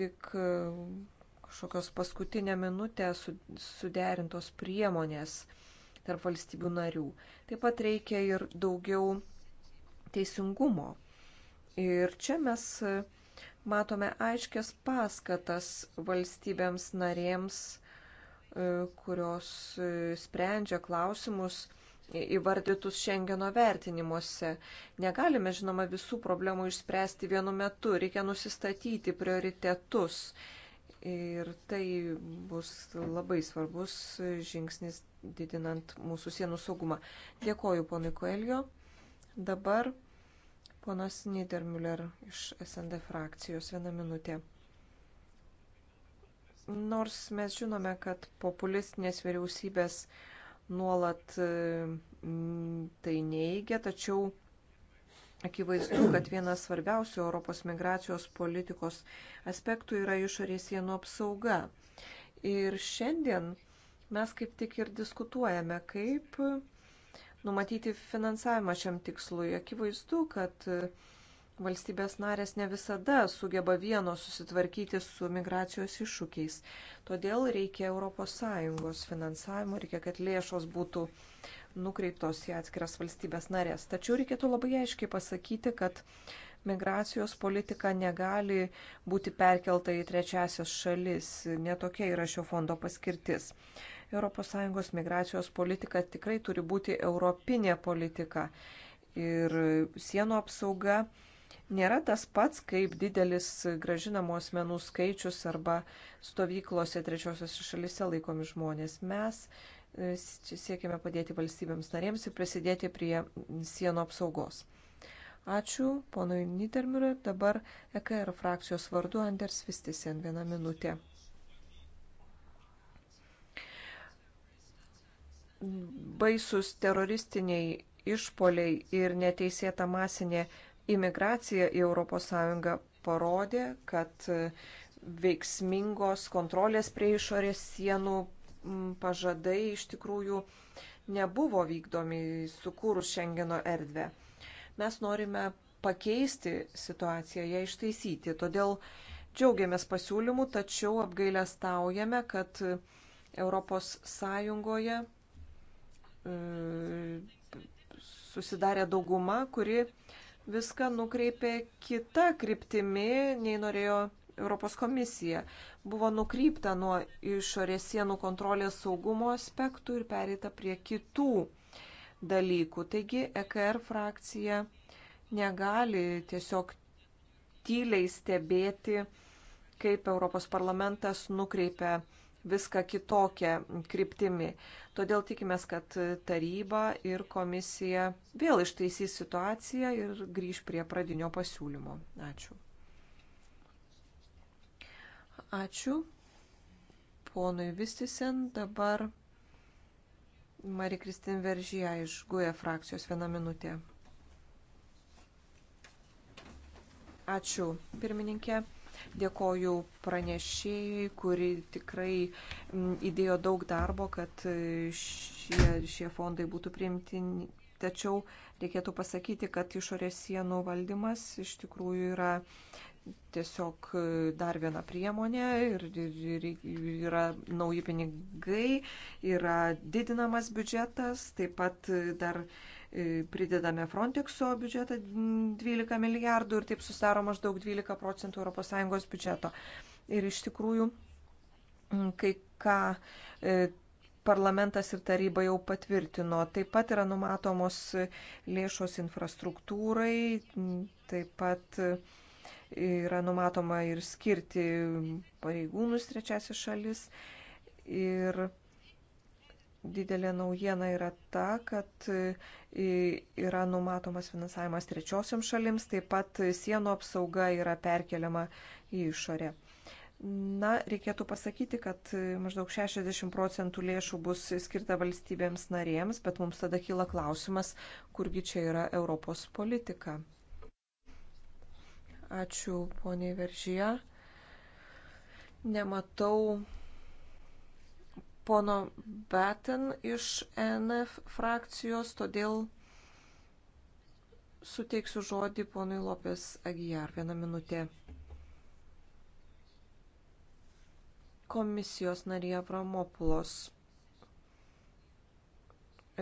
tik e, kažkokios paskutinę minutę suderintos priemonės tarp valstybių narių. Taip pat reikia ir daugiau teisingumo. Ir čia mes e, matome aiškias paskatas valstybėms narėms, e, kurios sprendžia klausimus įvardytus Šengeno vertinimuose. Negalime, žinoma, visų problemų išspręsti vienu metu, reikia nusistatyti prioritetus. Ir tai bus labai svarbus žingsnis didinant mūsų sienų saugumą. Dėkoju ponui Koelio. Dabar ponas Niedermüller iš SND frakcijos. Vieną minutę. Nors mes žinome, kad populistinės vyriausybės nuolat e, Mm, tai neigia, tačiau akivaizdu, kad vienas svarbiausių Europos migracijos politikos aspektų yra išorės sienų apsauga. Ir šiandien mes kaip tik ir diskutuojame, kaip numatyti finansavimą šiam tikslui. Akivaizdu, kad valstybės narės ne visada sugeba vienos susitvarkyti su migracijos iššūkiais. Todėl reikia ES finansavimo, reikia, kad lėšos būtų nukreiptos į atskiras valstybės narės. Tačiau reikėtų labai aiškiai pasakyti, kad migracijos politika negali būti perkelta į trečiasias šalis. Netokia yra šio fondo paskirtis. ES migracijos politika tikrai turi būti europinė politika. Ir sienų apsauga nėra tas pats, kaip didelis gražinamų asmenų skaičius arba stovyklose trečiosios šalise laikomi žmonės. Mes Siekime padėti valstybėms narėms ir prisidėti prie sienų apsaugos. Ačiū, ponui Nidermiurui. Dabar EKR frakcijos vardu Anders Vistisen vieną minutę. Baisus teroristiniai išpoliai ir neteisėta masinė imigracija į ES parodė, kad veiksmingos kontrolės prie išorės sienų pažadai iš tikrųjų nebuvo vykdomi sukūrus Šengeno erdvę. Mes norime pakeisti situaciją, ją ištaisyti. Todėl džiaugiamės pasiūlymu, tačiau apgailę staujame, kad ES e, susidarė dauguma, kuri viską nukreipė kita kryptimi, nei norėjo Europos komisija. Buvo nukrypta nuo išorės sienų kontrolės saugumo aspektų ir pereita prie kitų dalykų. Taigi EKR frakcija negali tiesiog tyliai stebėti, kaip Europos parlamentas nukreipia viską kitokią kryptimį. Todėl tikimės, kad taryba ir komisija vėl ištaisys situaciją ir grįž prie pradinio pasiūlymo. Ačiū. Ačiū ponui Vistisen. Dabar Marija Kristin Veržyje iš GUE frakcijos vieną minutę. Ačiū pirmininkė. Dėkoju pranešėjai, kuri tikrai įdėjo daug darbo, kad e, šie, šie fondai būtų priimtini. Tačiau reikėtų pasakyti, kad išorės sienų valdymas iš tikrųjų yra tiesiog e, dar viena priemonė ir, ir, ir yra nauji pinigai, yra didinamas biudžetas, taip pat e, dar e, pridedame Frontexo biudžetą 12 milijardų ir taip susidaro maždaug 12 procentų ES biudžeto. Ir iš tikrųjų, kai ką parlamentas ir taryba jau patvirtino. Taip pat yra numatomos lėšos infrastruktūrai, taip pat Yra numatoma ir skirti pareigūnus trečiasis šalis. Ir didelė naujiena yra ta, kad e, yra numatomas finansavimas trečiosiam šalims, taip pat sienų apsauga yra perkeliama į išorę. Na, reikėtų pasakyti, kad e, maždaug 60 procentų lėšų bus skirta valstybėms narėms, bet mums tada kyla klausimas, kurgi čia yra Europos politika. Ačiū poniai Veržyje. Nematau pono Batten iš e NF frakcijos, todėl suteiksiu žodį ponui Lopės Agijar. Vieną minutę. Komisijos narė Avramopulos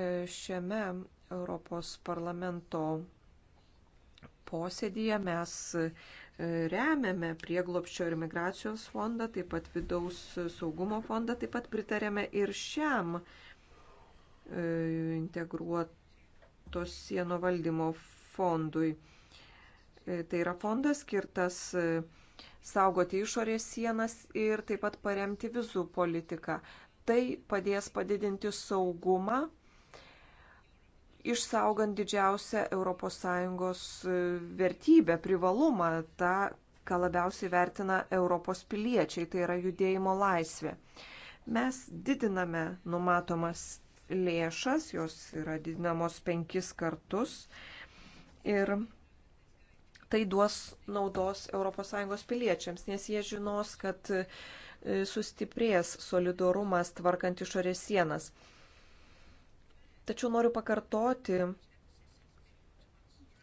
e, šiame Europos parlamento posėdėje mes e, remiame prieglopščio ir migracijos fondą, taip pat vidaus saugumo fondą, taip pat pritarėme ir šiam e, integruotos sienų valdymo fondui. E, tai yra fondas skirtas saugoti išorės sienas ir taip pat paremti vizų politiką. Tai padės padidinti saugumą išsaugant didžiausią ES e, vertybę, privalumą, tą, ką labiausiai vertina Europos piliečiai, tai yra judėjimo laisvė. Mes didiname numatomas lėšas, jos yra didinamos penkis kartus ir tai duos naudos ES piliečiams, nes jie žinos, kad e, sustiprės solidarumas tvarkant išorės sienas. Tačiau noriu pakartoti,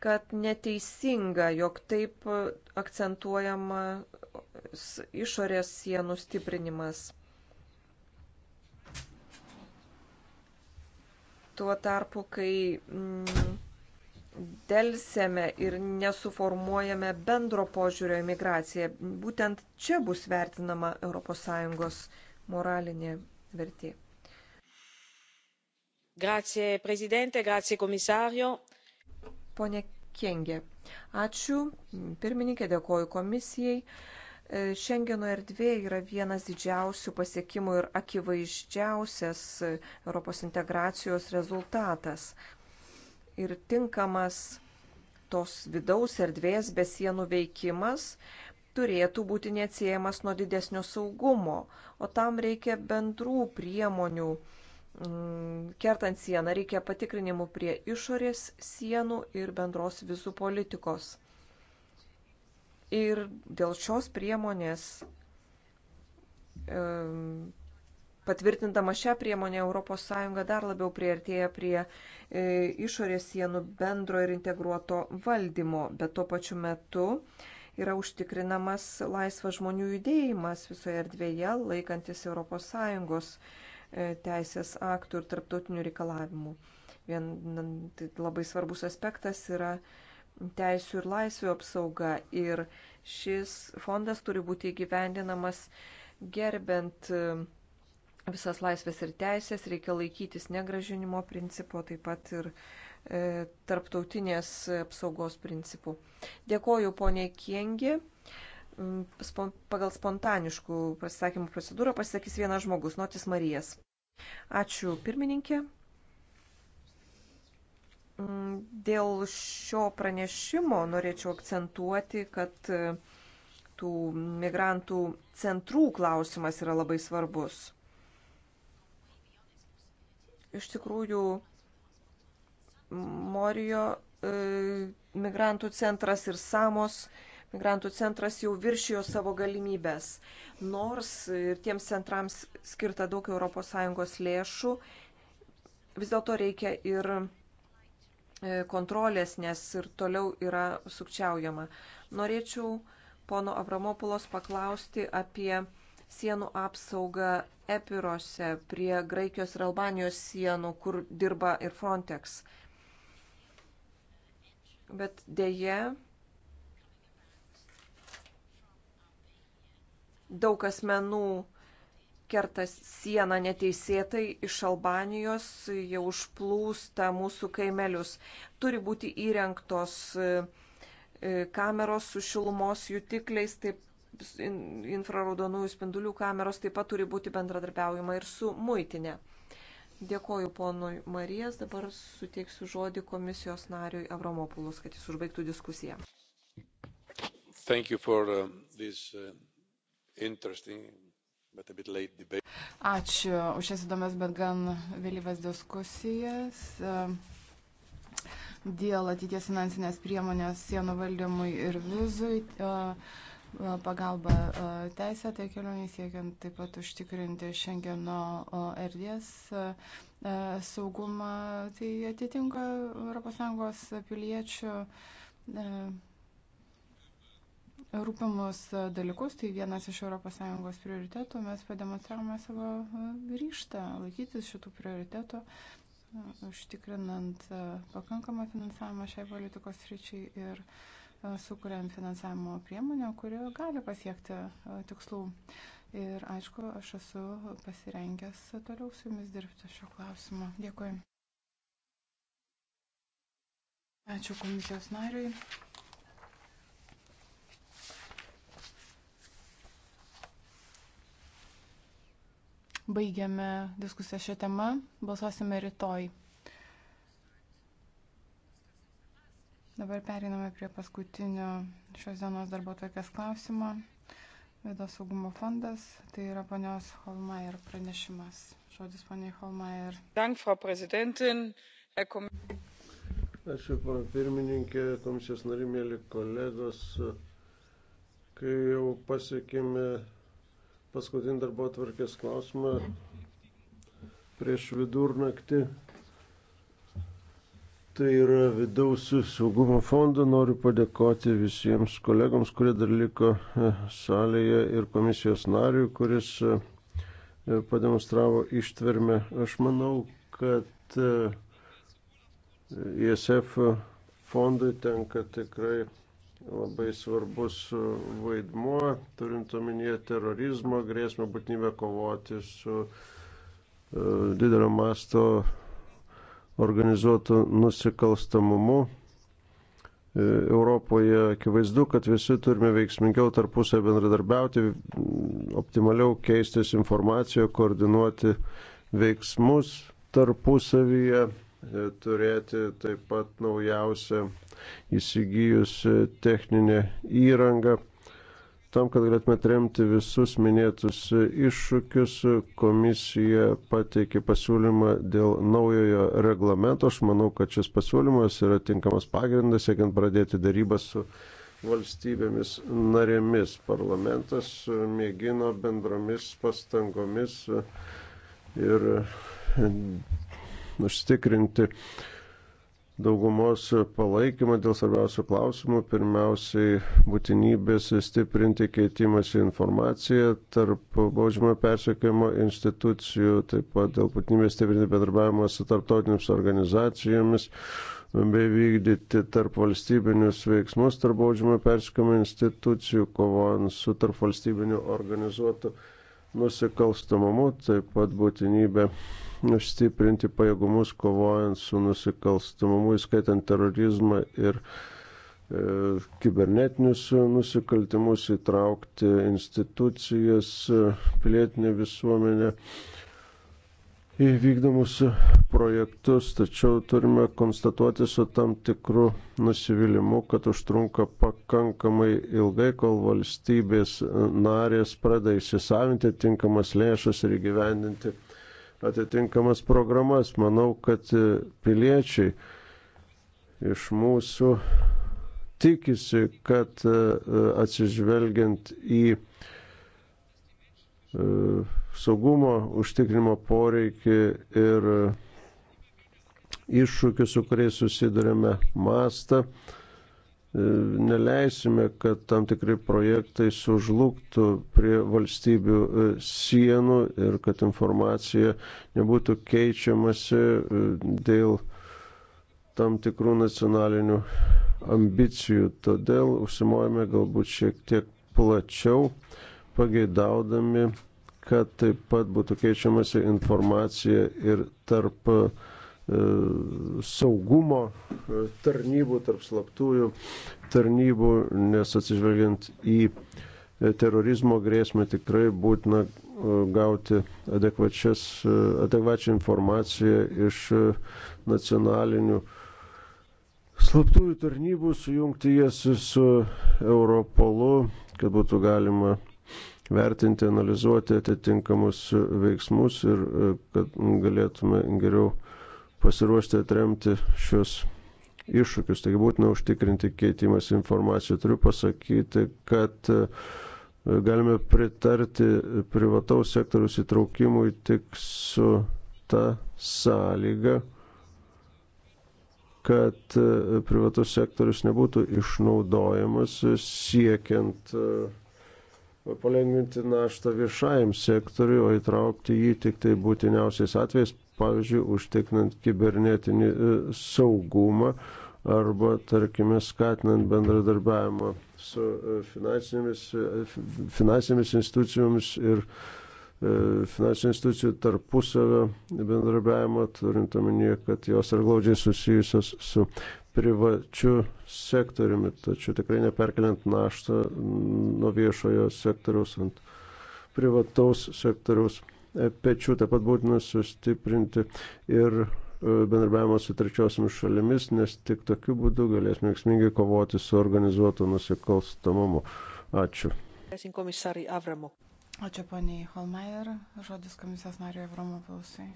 kad neteisinga, jog taip akcentuojama išorės sienų stiprinimas. Tuo tarpu, kai mm, dėlsėme ir nesuformuojame bendro požiūrio į migraciją, būtent čia bus vertinama ES moralinė vertė. Grazie, prezidente, grazie, komisario. Pone Kengė, ačiū. Pirmininkė, dėkoju komisijai. E, Šengeno erdvė yra vienas didžiausių pasiekimų ir akivaizdžiausias Europos integracijos rezultatas. Ir tinkamas tos vidaus erdvės be sienų veikimas turėtų būti neatsiejamas nuo didesnio saugumo, o tam reikia bendrų priemonių Mm, kertant sieną reikia patikrinimų prie išorės sienų ir bendros visų politikos. Ir dėl šios priemonės, patvirtindama šią priemonę, ES dar labiau prieartėja prie e, išorės sienų bendro ir integruoto valdymo, bet tuo pačiu metu yra užtikrinamas laisvas žmonių judėjimas visoje erdvėje, laikantis ES E, teisės aktų ir tarptautinių reikalavimų. Vien tai labai svarbus aspektas yra teisų ir laisvių apsauga ir šis fondas turi būti įgyvendinamas gerbent e, visas laisvės ir teisės, reikia laikytis negražinimo principo, taip pat ir e, tarptautinės apsaugos principų. Dėkoju ponė Kiengi. Mm, Spon, pagal spontaniškų pasisakymų procedūrą pasisakys vienas žmogus, Notis Marijas. Ačiū pirmininkė. Mm, dėl šio pranešimo norėčiau akcentuoti, kad e, tų migrantų centrų klausimas yra labai svarbus. Iš tikrųjų, Morijo e, migrantų centras ir Samos migrantų centras jau viršijo savo galimybės. Nors ir tiems centrams skirta daug ES lėšų, vis dėlto reikia ir e, kontrolės, nes ir toliau yra sukčiaujama. Norėčiau pono Avramopulos paklausti apie sienų apsaugą Epirose prie Graikijos ir Albanijos sienų, kur dirba ir Frontex. Bet dėje Daug asmenų kerta sieną neteisėtai iš Albanijos, jau užplūsta mūsų kaimelius. Turi būti įrengtos e, e, kameros su šilumos jutikliais, taip infraraudonųjų spindulių kameros, taip pat turi būti bendradarbiaujama ir su muitinė. Dėkoju ponui Marijas, dabar suteiksiu žodį komisijos nariui Avramopulus, kad jis užbaigtų diskusiją. Thank you for uh, this uh, Ačiū už šias įdomias, bet gan vėlyvas diskusijas. Dėl ateities finansinės priemonės sienų valdymui ir vizui pagalba teisę, tai kelionį siekiant taip pat užtikrinti Šengeno erdvės saugumą, tai atitinka ES piliečių rūpimus dalykus, tai vienas iš ES prioritetų, mes pademonstravome savo ryštą laikytis šitų prioritetų, užtikrinant pakankamą finansavimą šiai politikos ryčiai ir sukuriant finansavimo priemonę, kuri gali pasiekti tikslų. Ir aišku, aš esu pasirengęs toliau su jumis dirbti šio klausimu. Dėkui. Ačiū komisijos nariui. Baigiame diskusiją šią temą, balsuosime rytoj. Dabar periname prie paskutinio šios dienos darbo tvarkės klausimo. Vidos saugumo fondas, tai yra ponios Holmeier pranešimas. Žodis poniai Holmeier. Dank, Frau Präsidentin, Herr Kommissar. Ačiū, pana pirmininkė, komisijos narimėlį kolegos. Kai jau pasiekėme paskutinį darbo atvarkės klausimą prieš vidurnaktį. Tai yra vidaus saugumo fondo. Noriu padėkoti visiems kolegams, kurie dar liko e, salėje ir komisijos nariui, kuris e, e, pademonstravo ištvermę. Aš manau, kad ISF fondui tenka tikrai labai svarbus vaidmuo, turint omenyje terorizmo grėsmę, būtinybę kovoti su e, didelio masto organizuotų nusikalstamumu. E, Europoje akivaizdu, kad visi turime veiksmingiau tarpusai bendradarbiauti, optimaliau keistis informaciją, koordinuoti veiksmus tarpusavyje, e, turėti taip pat naujausią įsigijus e, techninę įrangą. Tam, kad galėtume atremti visus minėtus e, iššūkius, komisija pateikė pasiūlymą dėl naujojo reglamento. Aš manau, kad šis pasiūlymas yra tinkamas pagrindas, siekiant pradėti darybą su valstybėmis narėmis. Parlamentas e, mėgino bendromis pastangomis ir užtikrinti uh, daugumos palaikymą dėl svarbiausių klausimų, pirmiausiai būtinybės stiprinti keitimąsi informaciją tarp baudžiamo persiekimo institucijų, taip pat dėl būtinybės stiprinti bedarbiavimą su tarptautinėmis organizacijomis bei vykdyti tarp valstybinius veiksmus tarp baudžiamo persiekimo institucijų, kovojant su tarp valstybiniu organizuotu nusikalstamumu, taip pat būtinybė stiprinti pajėgumus kovojant su nusikalstamumu, įskaitant terorizmą ir e, kibernetinius nusikaltimus, įtraukti institucijas, pilietinę visuomenę, įvykdomus projektus, tačiau turime konstatuoti su tam tikru nusivylimu, kad užtrunka pakankamai ilgai, kol valstybės narės pradeda įsisavinti tinkamas lėšas ir įgyvendinti atitinkamas programas. Manau, kad piliečiai iš mūsų tikisi, kad atsižvelgiant į E, saugumo užtikrinimo poreikį ir iššūkių, su kuriais susidurėme mastą. E, neleisime, kad tam tikri projektai sužlugtų prie valstybių e, sienų ir kad informacija nebūtų keičiamasi dėl tam tikrų nacionalinių ambicijų. Todėl užsimojame galbūt šiek tiek plačiau pageidaudami, kad taip pat būtų keičiamasi informacija ir tarp e, saugumo e, tarnybų, tarp slaptųjų tarnybų, nes atsižvelgiant į e, terorizmo grėsmę tikrai būtina gauti adekvačią informaciją iš nacionalinių slaptųjų tarnybų, sujungti jas su Europolu, kad būtų galima vertinti, analizuoti atitinkamus veiksmus ir e, kad galėtume geriau pasiruošti atremti šios iššūkius. Taigi būtina užtikrinti keitimas informacijų. Turiu pasakyti, kad e, galime pritarti privataus sektoriaus įtraukimui tik su ta sąlyga, kad e, privatus sektorius nebūtų išnaudojamas siekiant uh, palengvinti naštą viešajam sektoriu, o įtraukti jį tik tai būtiniausiais atvejais, pavyzdžiui, užtikrinant kibernetinį e, saugumą arba, tarkime, skatinant bendradarbiavimą su e, finansinėmis, e, finansinėmis institucijomis ir finansinių institucijų tarpusavio bendradarbiavimo, turint omenyje, kad jos yra glaudžiai susijusios su privačiu sektoriumi, tačiau tikrai neperkeliant naštą nuo viešojo sektoriaus ant privataus sektoriaus e, pečių. Taip pat būtina sustiprinti ir e, bendarbiavimo su trečiosiamis šalimis, nes tik tokiu būdu galėsime veiksmingai kovoti su organizuotu nusikalstamumu. Ačiū. Ačiū poniai Holmeier, žodis komisijos nariui Avramovausai.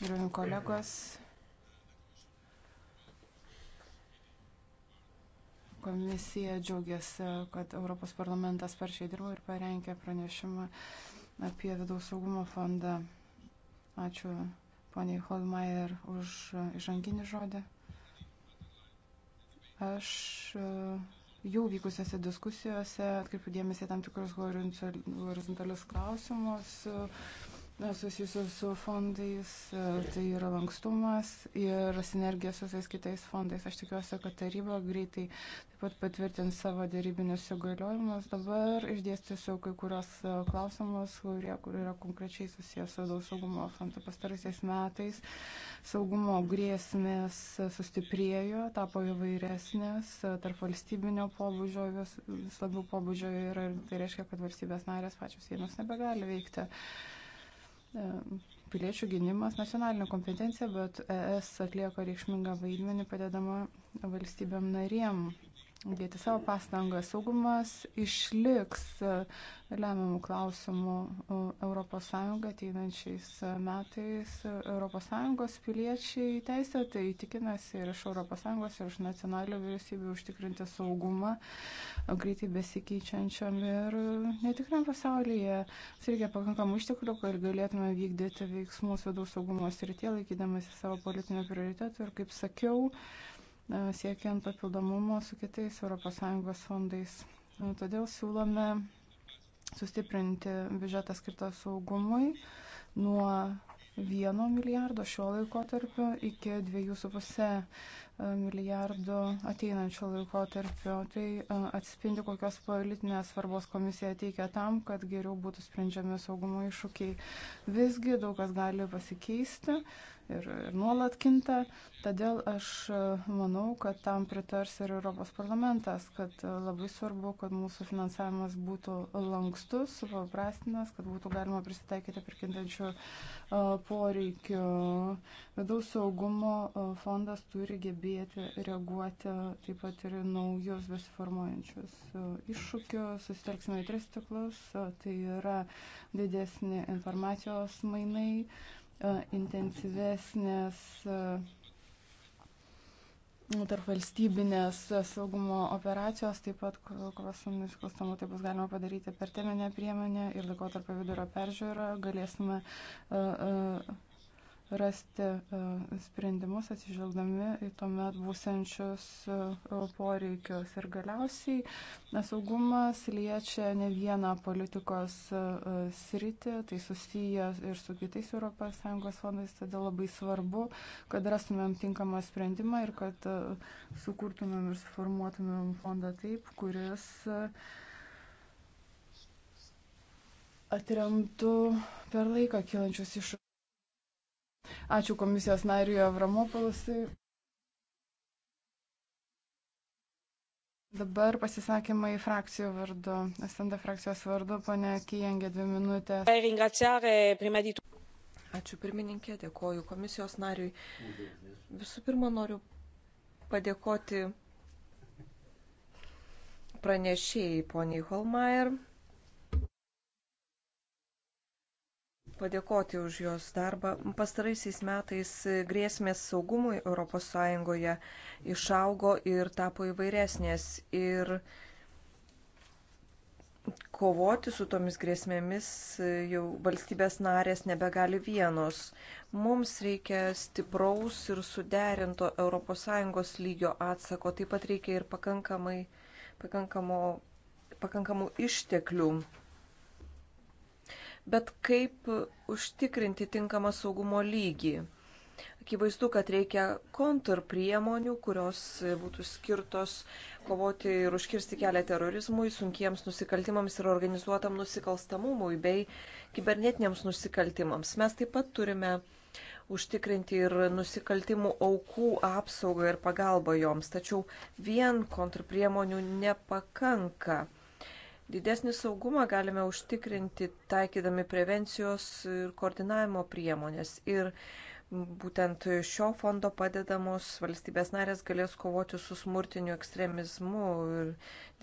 Gerbimi kolegos, Komisija džiaugiasi, kad Europos parlamentas sparčiai dirbo ir parengė pranešimą apie vidaus saugumo fondą. Ačiū poniai Holmeier už įžanginį žodį. Aš e, jau vykusiose diskusijose atkreipiu dėmesį tam tikrus horizontalius klausimus, susijusios su fondais, e, tai yra lankstumas ir sinergija su visais kitais fondais. Aš tikiuosi, kad taryba greitai taip pat patvirtins savo dėrybinius įgaliojimus. Dabar išdėstysiu kai kurios e, klausimus, kurie kur yra konkrečiai susijęs su daug saugumo fondu. Pastaraisiais metais saugumo grėsmės sustiprėjo, tapo įvairesnės, e, tarp valstybinio pobūdžio, vis, vis labiau pobūdžio ir tai reiškia, kad valstybės narės pačios sienos nebegali veikti. E, piliečių gynimas nacionalinė kompetencija, bet ES atlieka reikšmingą vaidmenį padedama valstybėm narėm dėti savo pastangą. Saugumas išliks e, lemiamų klausimų ES ateinančiais e, metais. ES piliečiai teisė tai tikinasi ir iš ES, ir iš nacionalinių vyriausybių užtikrinti saugumą e, greitai besikeičiančiam ir netikram pasaulyje. Mums reikia pakankamų išteklių, kad galėtume vykdyti veiksmus vidaus saugumo srityje, laikydamasi savo politinio prioritetų ir, kaip sakiau, E, siekiant papildomumo su kitais ES fondais. E, todėl siūlome sustiprinti biudžetą skirtą saugumui nuo 1 milijardo šio laikotarpio iki 2,5 e, milijardo ateinančio laikotarpio. Tai atspindi, kokios politinės svarbos komisija teikia tam, kad geriau būtų sprendžiami saugumo iššūkiai. Visgi daug kas gali pasikeisti ir, ir nuolat kinta. Todėl aš e, manau, kad tam pritars ir Europos parlamentas, kad e, labai svarbu, kad mūsų finansavimas būtų lankstus, supaprastinas, kad būtų galima prisitaikyti prie kintančių e, poreikių. Vidaus saugumo fondas turi gebėti reaguoti taip pat ir naujus besiformuojančius iššūkius. Susitelksime į tris tiklus, tai yra didesni informacijos mainai E, intensyvesnės e, nu, tarp valstybinės saugumo operacijos, taip pat kovos su nusikalstamu, tai bus galima padaryti per teminę priemonę ir laikotarpio vidurio peržiūrą galėsime uh, uh, rasti e, sprendimus atsižvelgdami į tuomet būsenčius e, poreikius. Ir galiausiai nesaugumas liečia ne vieną politikos e, sritį, tai susiję ir su kitais ES fondais, todėl labai svarbu, kad rastumėm tinkamą sprendimą ir kad sukurtumėm ir suformuotumėm fondą taip, kuris atremtų per laiką kilančius iššūkius. Ačiū komisijos nariui Avramopolusui. Dabar pasisakymai frakcijų vardu. Estanda frakcijos vardu, ponė Kijengė, dvi minutės. Ačiū pirmininkė, dėkoju komisijos nariui. Visų pirma, noriu padėkoti pranešėjai poniai Holmeier padėkoti už jos darbą. Pastaraisiais metais grėsmės saugumui ES išaugo ir tapo įvairesnės. Ir kovoti su tomis grėsmėmis jau valstybės narės nebegali vienos. Mums reikia stipraus ir suderinto ES lygio atsako. Taip pat reikia ir pakankamai, pakankamo, pakankamų išteklių bet kaip užtikrinti tinkamą saugumo lygį. Akivaizdu, kad reikia kontrpriemonių, kurios būtų skirtos kovoti ir užkirsti kelią terorizmui, sunkiems nusikaltimams ir organizuotam nusikalstamumui bei kibernetiniams nusikaltimams. Mes taip pat turime užtikrinti ir nusikaltimų aukų apsaugą ir pagalbą joms, tačiau vien kontrpriemonių nepakanka. Didesnį saugumą galime užtikrinti taikydami prevencijos ir koordinavimo priemonės. Ir būtent šio fondo padedamos valstybės narės galės kovoti su smurtiniu ekstremizmu ir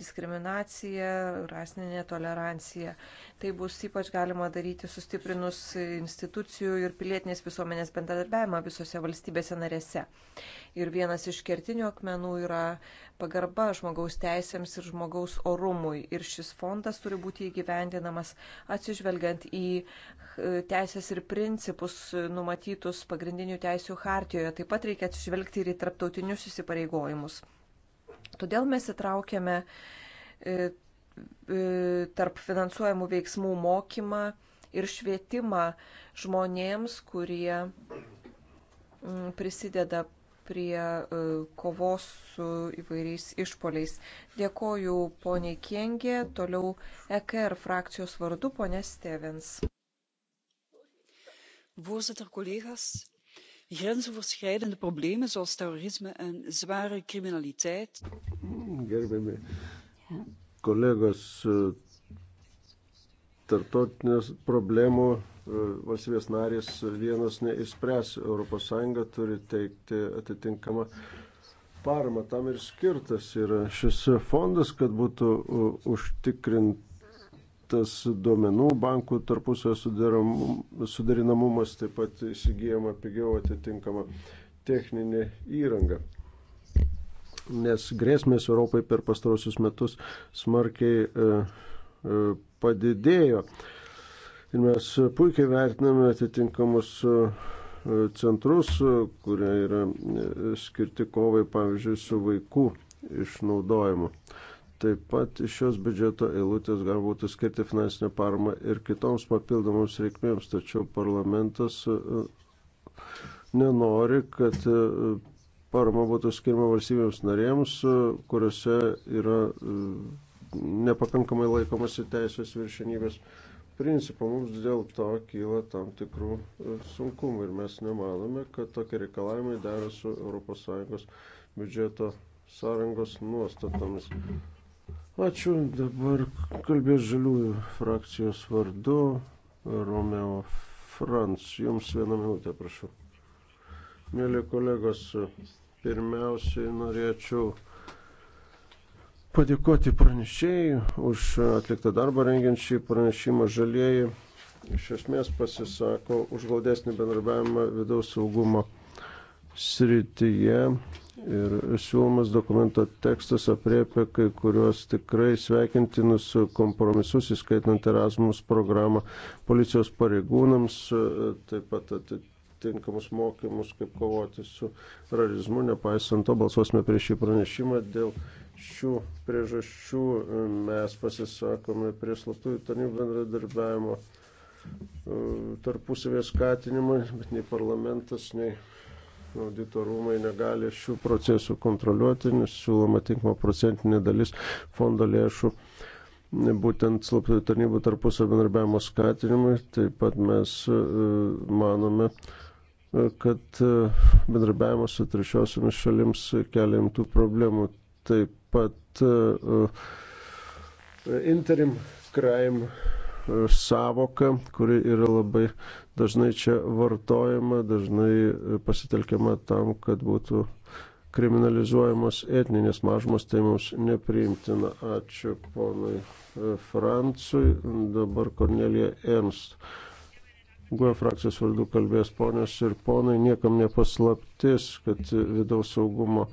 diskriminacija, rasinė tolerancija. Tai bus ypač galima daryti sustiprinus institucijų ir pilietinės visuomenės bendradarbiavimą visose valstybėse narėse. Ir vienas iš kertinių akmenų yra pagarba žmogaus teisėms ir žmogaus orumui. Ir šis fondas turi būti įgyvendinamas atsižvelgiant į e, teisės ir principus numatytus pagrindinių teisų hartijoje. Taip pat reikia atsižvelgti ir į tarptautinius įsipareigojimus. Todėl mes įtraukėme e, e, tarp finansuojamų veiksmų mokymą ir švietimą žmonėms, kurie prisideda prie e, kovos su įvairiais išpoliais. Dėkoju poniai Kiengė, toliau EKR frakcijos vardu ponė Stevens. Voorzitter, collega's. Grensoverschrijdende problemen zoals terrorisme en zware criminaliteit. Gerbiami kolegos, tarptautinės problemų e, valstybės narės vienas neįspręs. ES turi teikti atitinkamą paramą. Tam ir skirtas yra šis fondas, kad būtų e, užtikrintas duomenų bankų tarpusio suderinamumas, taip pat įsigijama pigiau atitinkama techninė įranga. Nes grėsmės Europai per pastarosius metus smarkiai e, padidėjo. Ir mes puikiai vertiname atitinkamus e, centrus, e, kurie yra e, skirti kovai, pavyzdžiui, su vaikų išnaudojimu. Taip pat iš šios biudžeto eilutės galima būtų skirti finansinę paramą ir kitoms papildomoms reikmėms, tačiau parlamentas nenori, kad parama būtų skirma valstybėms narėms, kuriuose yra nepakankamai laikomasi teisės viršenybės principų. Mums dėl to kyla tam tikrų e, sunkumų ir mes nemanome, kad tokie reikalavimai dera su ES biudžeto sąrangos nuostatomis. Ačiū, dabar kalbės žaliųjų frakcijos vardu Romeo Franz. Jums vieną minutę, prašau. Mėly kolegos, pirmiausiai norėčiau padėkoti pranešėjai už atliktą darbą rengiant šį pranešimą žalieji. Iš esmės pasisako už glaudesnį bendradarbiavimą vidaus saugumo srityje ir siūlomas dokumento tekstas apriepia kai kuriuos tikrai sveikintinus kompromisus, įskaitant Erasmus programą policijos pareigūnams, taip pat atitinkamus mokymus, kaip kovoti su terorizmu. Nepaisant to, balsuosime prieš šį pranešimą dėl šių priežasčių e, mes pasisakome prie slaptųjų tarnybų bendradarbiavimo e, tarpusavės skatinimui, bet nei parlamentas, nei auditorumai negali šių procesų kontroliuoti, nes siūloma tinkama procentinė dalis fondo lėšų būtent slaptųjų tarnybų tarpusavio bendarbiavimo skatinimui. Taip pat mes e, manome, kad bendarbiavimas su trečiosiomis šalims kelia rimtų problemų taip pat e, e, interim crime e, savoka, kuri yra labai dažnai čia vartojama, dažnai pasitelkiama tam, kad būtų kriminalizuojamos etninės mažumos, tai mums nepriimtina. Ačiū ponui Francui, dabar Kornelija Ernst. Guoja frakcijos vardu kalbės ponios ir ponai, niekam nepaslaptis, kad vidaus saugumo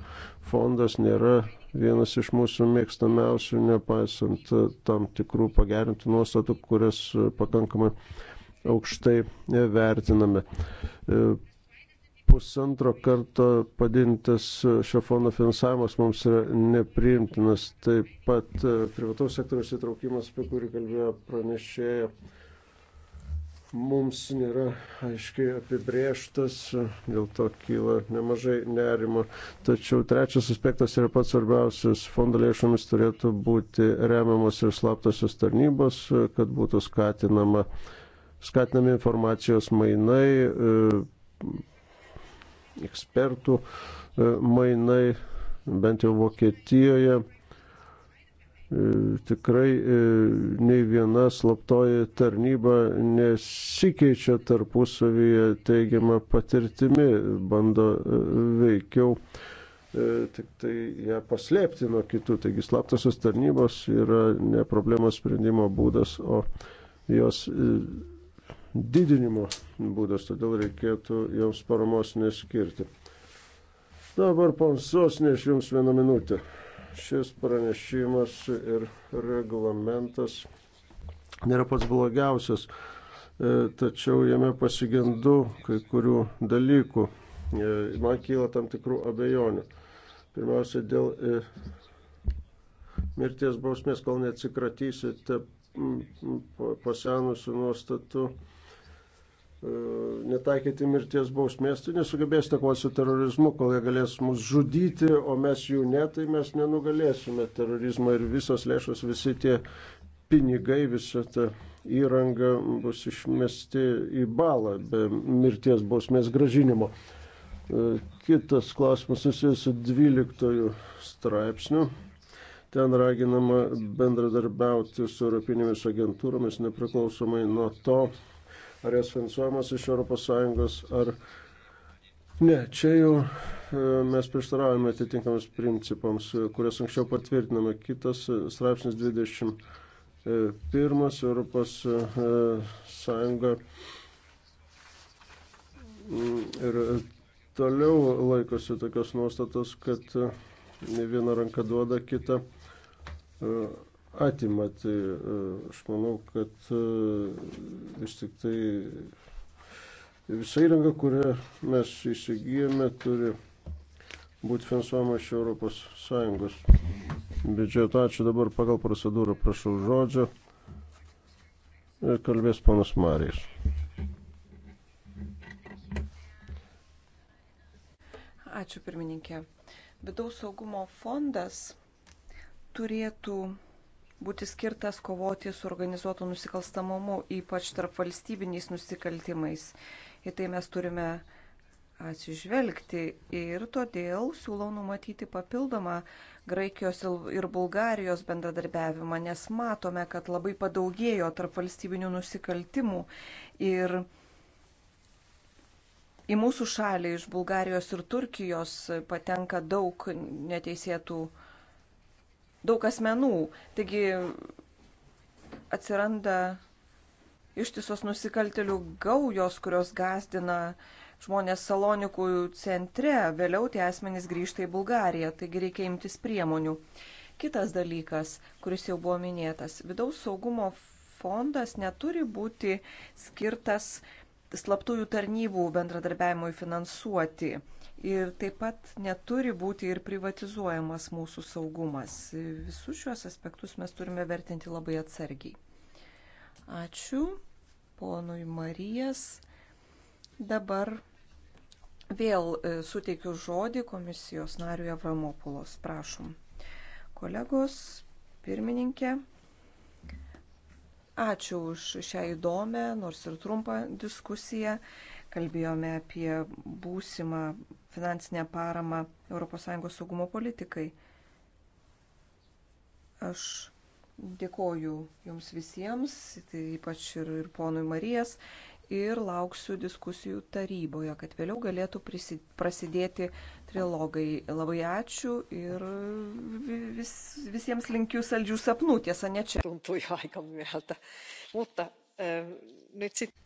fondas nėra vienas iš mūsų mėgstamiausių, nepaisant tam tikrų pagerintų nuostatų, kurias pakankamai aukštai vertiname. Pusantro karto padintas šio fondo finansavimas mums yra nepriimtinas. Taip pat privataus sektoriaus įtraukimas, apie kurį kalbėjo pranešėjo mums nėra aiškiai apibrėžtas, dėl to kyla nemažai nerimo. Tačiau trečias aspektas yra pats svarbiausias. Fondo lėšomis turėtų būti remiamos ir slaptosios tarnybos, kad būtų skatinama, skatinami informacijos mainai, e, ekspertų e, mainai, bent jau Vokietijoje E, tikrai e, nei viena slaptoji tarnyba nesikeičia tarpusavyje teigiamą patirtimi, bando e, veikiau tik tai ją paslėpti nuo kitų. Taigi slaptosios tarnybos yra ne problemos sprendimo būdas, o jos didinimo būdas, todėl reikėtų joms paramos neskirti. Dabar pansos neš jums vieną minutę šis pranešimas ir reglamentas nėra pats blogiausias, e, tačiau jame pasigendu kai kurių dalykų. E, man kyla tam tikrų abejonių. Pirmiausia, dėl e, mirties bausmės, kol neatsikratysite pasenusių nuostatų, netaikyti mirties bausmės, tai nesugebės takvoti su terorizmu, kol jie galės mus žudyti, o mes jų ne, tai mes nenugalėsime terorizmo ir visos lėšos, visi tie pinigai, visa ta įranga bus išmesti į balą be mirties bausmės gražinimo. E, kitas klausimas susijęs su 12 straipsniu. Ten raginama bendradarbiauti su Europinėmis agentūromis nepriklausomai nuo to, ar jos finansuojamos iš ES ar ne. Čia jau e, mes prieštaravome atitinkamus principams, e, kurias anksčiau patvirtiname. Kitas e, straipsnis 21 Europos Sąjunga mm, ir toliau laikosi tokios nuostatos, kad viena ranka duoda kitą atima. Tai e, aš manau, kad e, vis tik tai visa įranga, kurią mes įsigijame, turi būti finansuojama iš Europos Sąjungos biudžeto. Ačiū dabar pagal procedūrą, prašau žodžio. Ir e, kalbės panas Marijas. Ačiū pirmininkė. Vidaus saugumo fondas turėtų būti skirtas kovoti su organizuotu nusikalstamumu, ypač tarp valstybiniais nusikaltimais. Į tai mes turime atsižvelgti ir todėl siūlau numatyti papildomą Graikijos ir Bulgarijos bendradarbiavimą, nes matome, kad labai padaugėjo tarp valstybinių nusikaltimų ir į mūsų šalį iš Bulgarijos ir Turkijos patenka daug neteisėtų nusikaltimų daug asmenų. Taigi atsiranda ištisos nusikaltelių gaujos, kurios gazdina žmonės Salonikų centre, vėliau tie asmenys grįžta į Bulgariją, taigi reikia imtis priemonių. Kitas dalykas, kuris jau buvo minėtas, vidaus saugumo fondas neturi būti skirtas slaptųjų tarnybų bendradarbiavimui finansuoti. Ir taip pat neturi būti ir privatizuojamas mūsų saugumas. Visus šios aspektus mes turime vertinti labai atsargiai. Ačiū ponui Marijas. Dabar vėl e, suteikiu žodį komisijos nariui Avramopulos. Prašom. Kolegos, pirmininkė, Ačiū už šią įdomią, nors ir trumpą diskusiją. Kalbėjome apie būsimą finansinę paramą ES saugumo politikai. Aš dėkoju Jums visiems, tai ypač ir, ir ponui Marijas, ir lauksiu diskusijų taryboje, kad vėliau galėtų prisid, prasidėti trilogai. Labai ačiū ir vis, visiems linkiu saldžių sapnų, tiesa, ne čia. Tuntui aika myöhältä, mutta äh, nyt sitten.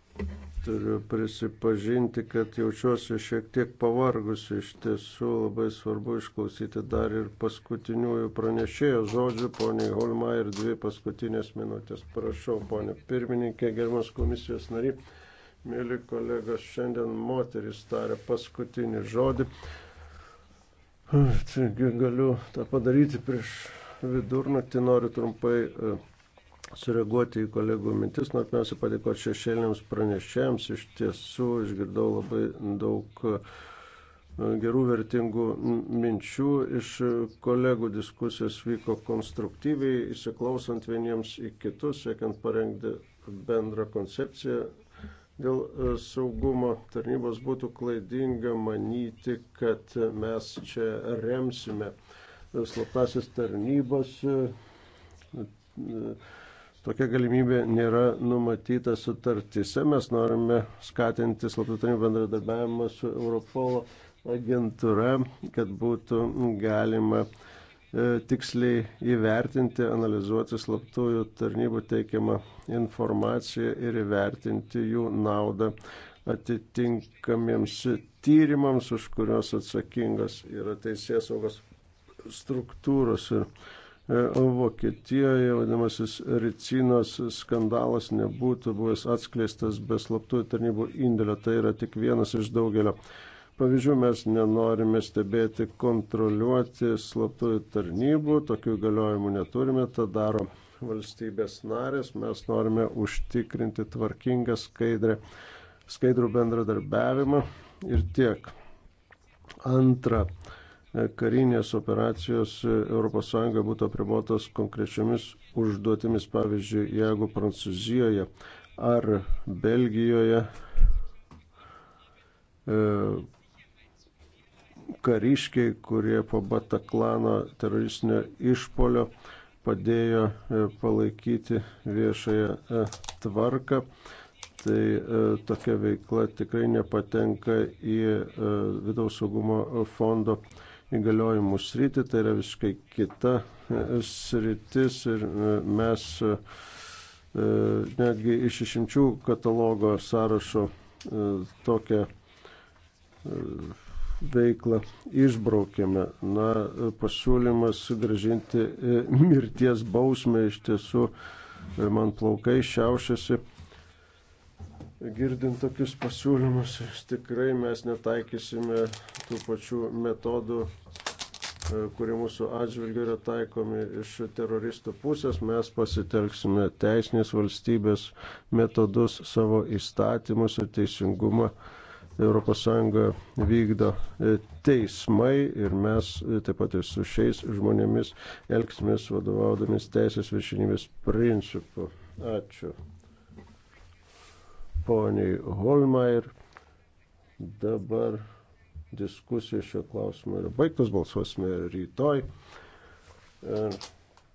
Turiu prisipažinti, kad jaučiuosi šiek tiek pavargusi. Iš tiesų labai svarbu išklausyti dar ir paskutiniųjų pranešėjo žodžių, poniai Holma, ir dvi paskutinės minutės. Prašau, ponė pirmininkė, gerbiamas komisijos nari, mėly kolegos, šiandien moteris tarė paskutinį žodį. Čia galiu tą padaryti prieš vidurnaktį noriu trumpai e, sureaguoti į kolegų mintis. Noriu pirmiausia padėkoti šešėliniams pranešėjams. Iš tiesų išgirdau labai daug e, gerų vertingų minčių. Iš kolegų diskusijos vyko konstruktyviai, įsiklausant vieniems į kitus, siekiant parengti bendrą koncepciją. Dėl e, saugumo tarnybos būtų klaidinga manyti, kad mes čia remsime uh, slaptasis tarnybos. E, e, tokia galimybė nėra numatyta sutartise. Mes norime skatinti slaptų tarnybų bendradarbiavimą su Europolo agentūra, kad būtų galima e, tiksliai įvertinti, analizuoti slaptųjų tarnybų teikiamą informaciją ir įvertinti jų naudą atitinkamiems tyrimams, už kuriuos atsakingas yra teisės saugos struktūros. Ir e, Vokietijoje vadinamasis Ricinos skandalas nebūtų buvęs atskleistas be slaptųjų tarnybų indėlio. Tai yra tik vienas iš daugelio. Pavyzdžių mes nenorime stebėti, kontroliuoti slaptųjų tarnybų, tokių galiojimų neturime, tą daro valstybės narės, mes norime užtikrinti tvarkingą skaidrę, skaidrų bendradarbiavimą ir tiek. Antra, karinės operacijos ES būtų apribotos konkrečiomis užduotimis, pavyzdžiui, jeigu Prancūzijoje ar Belgijoje e, kariškiai, kurie po Bataklano teroristinio išpolio padėjo e, palaikyti viešąją e, tvarką, tai e, tokia veikla tikrai nepatenka į e, vidaus saugumo fondo įgaliojimų sritį, tai yra visiškai kita e, sritis ir e, mes e, netgi iš išimčių katalogo sąrašo tokią veiklą išbraukėme. Na, pasiūlymas gražinti mirties bausmę iš tiesų man plaukai šiaušiasi Girdint tokius pasiūlymus, tikrai mes netaikysime tų pačių metodų, e, kurie mūsų atžvilgiu yra taikomi iš teroristų pusės. Mes pasitelksime teisinės valstybės metodus savo įstatymus ir teisingumą. ES vykdo e, teismai ir mes e, taip pat ir su šiais žmonėmis elgsimės vadovaudomis teisės viršinybės principu. Ačiū poniai Holmeier. Dabar diskusija šio klausimo yra baigtas, balsuosime rytoj. E,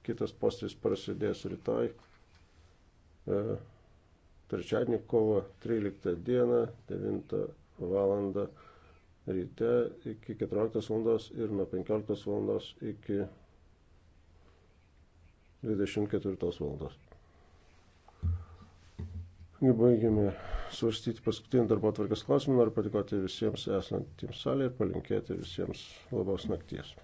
kitas postis prasidės rytoj. E, trečiadienį kovo 13 dieną, 9 valandą ryte iki 14 valandos ir nuo 15 valandos iki 24 valandos. Baigiame svarstyti paskutinį darbo atvarkės klausimą. Noriu patikoti visiems esantiems salėje ir palinkėti visiems labos nakties.